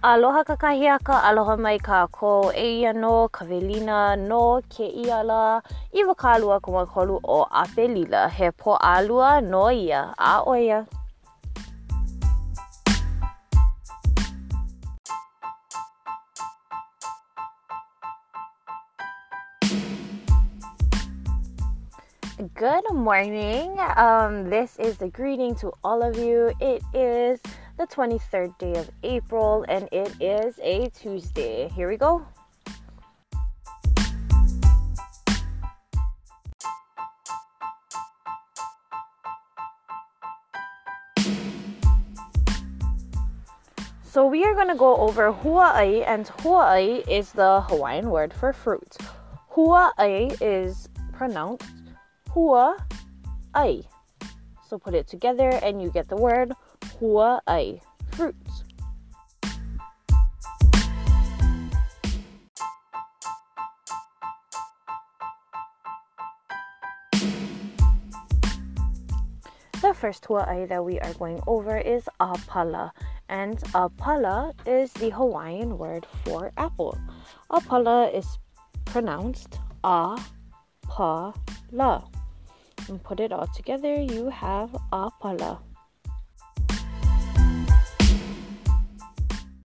Aloha kakahiaka, aloha mai kākou, eia no, ka welina no, ke ia la, iwa kālua kumakolu o Apelila, he po alua no ia, a oia. Good morning. Um, this is the greeting to all of you. It is the 23rd day of April, and it is a Tuesday. Here we go. So we are going to go over hua'ai and hua'ai is the Hawaiian word for fruit. Hua'ai is pronounced hua'ai. So put it together and you get the word Hawai'i fruits. The first Hawaiian that we are going over is apala, and apala is the Hawaiian word for apple. Apala is pronounced a pa la. And put it all together, you have apala.